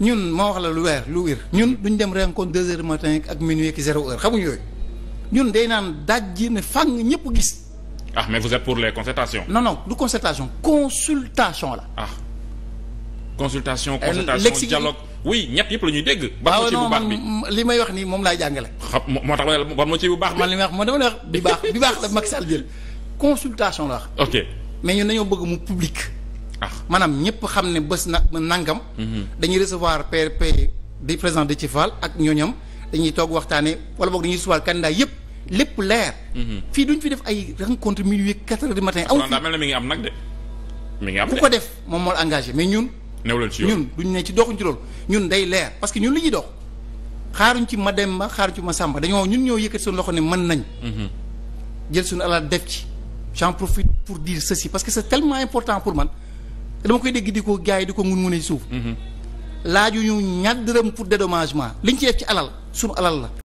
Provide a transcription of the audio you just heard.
ñun moo wax la lu weer lu wér ñun duñ dem rencontre deux heures matin ak minuit ki zéro heure xamuñ yooyu ñun day naan dajji ne fàng ñëpp gis. ah mais vous êtes pour les concertations. non non du concertation consultation la. ah consultation. consultation dialogue oui ñett yëpp la ñuy dégg. ban ah, moo ci bu baax bi li may wax nii moom laay jàngale. xam moo tax ban moo ci bu baax bi. man li may wax man dama lay wax bi baax bi baax la Macky Sall jël consultation la wax. ok mais ñun dañoo bëgg mu public. maanaam ñëpp xam ne bés na nangam. Mhm. dañuy recevoir PRP di président de ci Fall ak ñooñam dañuy toog waxtaanee wala boog dañuy recevoir candidat yëpp lépp leer. Mhm. fii duñ fi def ay rencontre minuit quatre du matin. aw daa ku ko def moom moo la engagé mais ñun. newleel ci ñun duñ ne ci doxuñ ci loolu ñun day leer parce que ñun li dox xaaruñ ci ma dem ba xaaruñ ci ma sàmba dañoo ñun ñoo yëkkati suñu loxo ne mën nañ. Mhm. jël suñu alal def ci. j'en profite pour dire ceci parce dama koy dégg di ko gars yi di ko ngun-ngunee ci suuf. Mm-hmm. laaju ñu ñaar dërëm pour li liñ ci def ci alal sunu alal la.